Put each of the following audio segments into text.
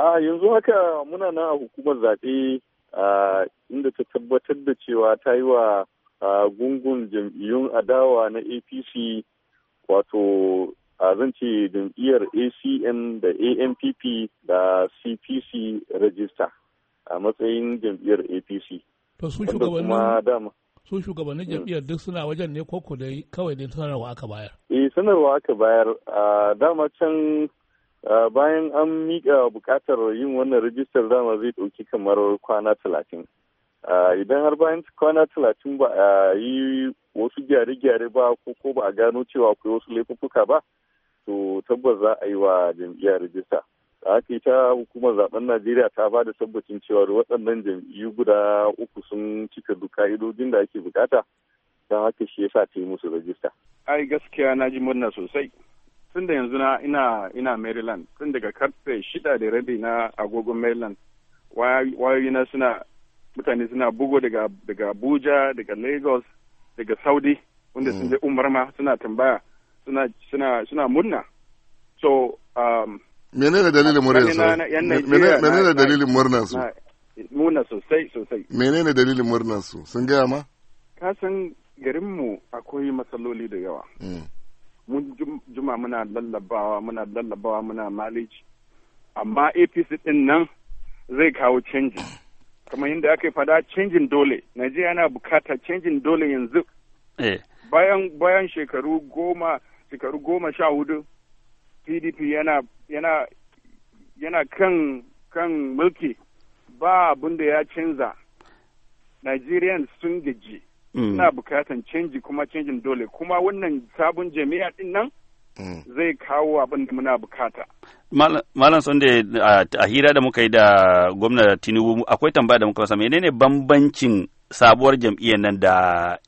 A yanzu haka muna nan a hukumar zaɓe inda ta tabbatar da cewa ta yi wa gungun jam'iyyun adawa na APC wato a zan ce jam'iyyar ACN da ampp da CPC rajista a matsayin jam'iyyar APC. To su shugabannin su shugabannin jam'iyyar duk suna wajen ne koko da kawai ne sanarwa aka bayar. Eh sanarwa aka bayar a dama can bayan an miƙa buƙatar yin wannan rijistar dama zai ɗauki kamar kwana talatin idan har bayan kwana talatin ba a yi wasu gyare-gyare ba ko ba a gano cewa akwai wasu laifuffuka ba to tabbas za a yi wa jam'iyya rijista da haka ita hukumar zaben najeriya ta ba da tabbacin cewa waɗannan jam'iyyu guda uku sun cika duk ka'idojin da ake bukata don haka shi yasa ta yi musu rajista ai gaskiya na ji murna sosai tun da yanzu na ina ina Maryland tun daga karfe shida da rabi na agogon Maryland wayoyina suna mutane suna bugo daga daga Abuja daga Lagos daga Saudi wanda sun je mm. umar ma suna tambaya suna suna suna murna so um menene dalilin murnar su menene dalilin murnar su murna sosai sosai menene dalilin murnar su sun gaya ma ka san garinmu akwai matsaloli da yawa mm. mun juma muna lallabawa muna lallabawa muna malici amma apc din nan zai kawo canji kamar yadda aka yi fada canjin dole najeriya na bukata canjin dole yanzu eh. bayan bayan shekaru goma shekaru goma sha hudu pdp yana yana yana kan kan mulki ba abin da ya canza nigerians sun gaji Ina mm. bukatan canji kuma canjin dole kuma wannan sabon jami'a din nan mm. zai kawo abin da muna bukata. Malam da a hira da muka yi da gwamna Tinubu akwai tambaya da muka masa menene bambancin sabuwar jam'iyyar nan da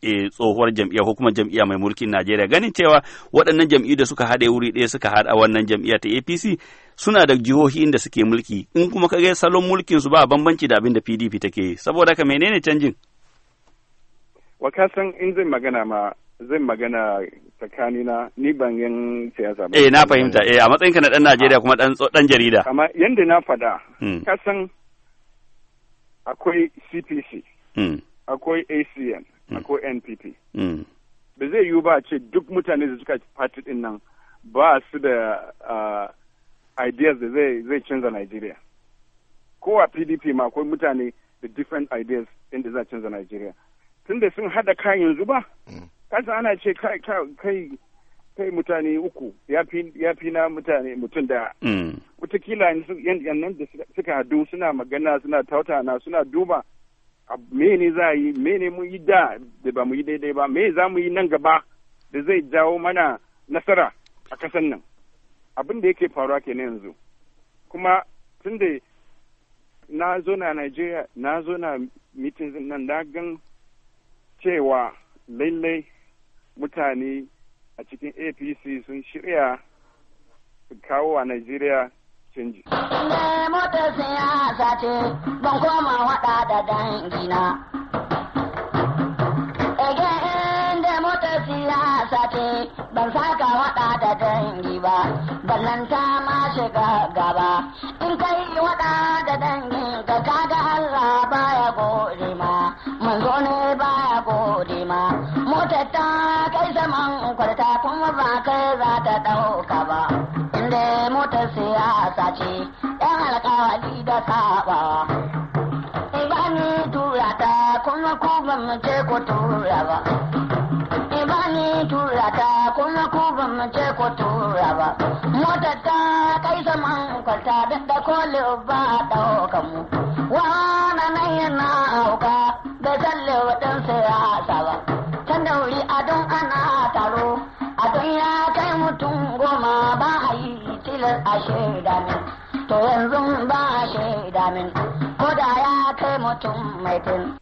eh, tsohuwar jam'iyyar ko kuma jam'iyya mai mulkin Najeriya ganin cewa waɗannan jam'iyyu da suka haɗe wuri ɗaya suka haɗa wannan jam'iyya ta APC suna da jihohi inda suke mulki in kuma ka ga salon mulkin su ba bambanci da abin da PDP take saboda haka menene canjin? wa ka san in zai magana ma zai magana tsakanina ni ban yin siyasa ba eh na fahimta eh a matsayinka na dan Najeriya kuma dan dan jarida amma yanda na fada hmm. ka san akwai CPC hmm. akwai ACN hmm. akwai NPP ba zai yiwu ba a ce duk mutane da suka fati din nan ba su da ah, ideas da zai canza Najeriya. Ko a PDP ma akwai mutane da different ideas inda za canza Najeriya. tunda sun hada ka yanzu ba mm. kasa ana ce kai kai mutane uku ya fi na mutane mutum mm. da watakila yannan da suka hadu suna magana suna tautana suna duba me ne za a yi ne mu yi da da ba mu yi daidai ba me za mu yi nan gaba da zai jawo mana nasara a kasan nan abin da yake faruwa ke kenan yanzu kuma tun da na zo na nigeria na zo na mitin nan na gan cewa lallai mutane a cikin apc sun shirya su kawo a najeriya canji. siyasa ce ban koma da saka wada da dangi ba ballanta ma shiga gaba in kai wada da dangi ka motar ta kai zaman kwarta kuma ba kai za ta ɗauka ba inda motar siyasa ce ɗan alkawari da saɓa. ba ni tura ta kuma ku ba ko ce ku tura ba ba ni tura ta kuma ku ba mu tura ba motar ta kai zaman kwarta da kolin ba ɗauka mu wa goma ba a yi tilar a shaida min to yanzu ba a shaida min ko da ya kai mutum mai tun.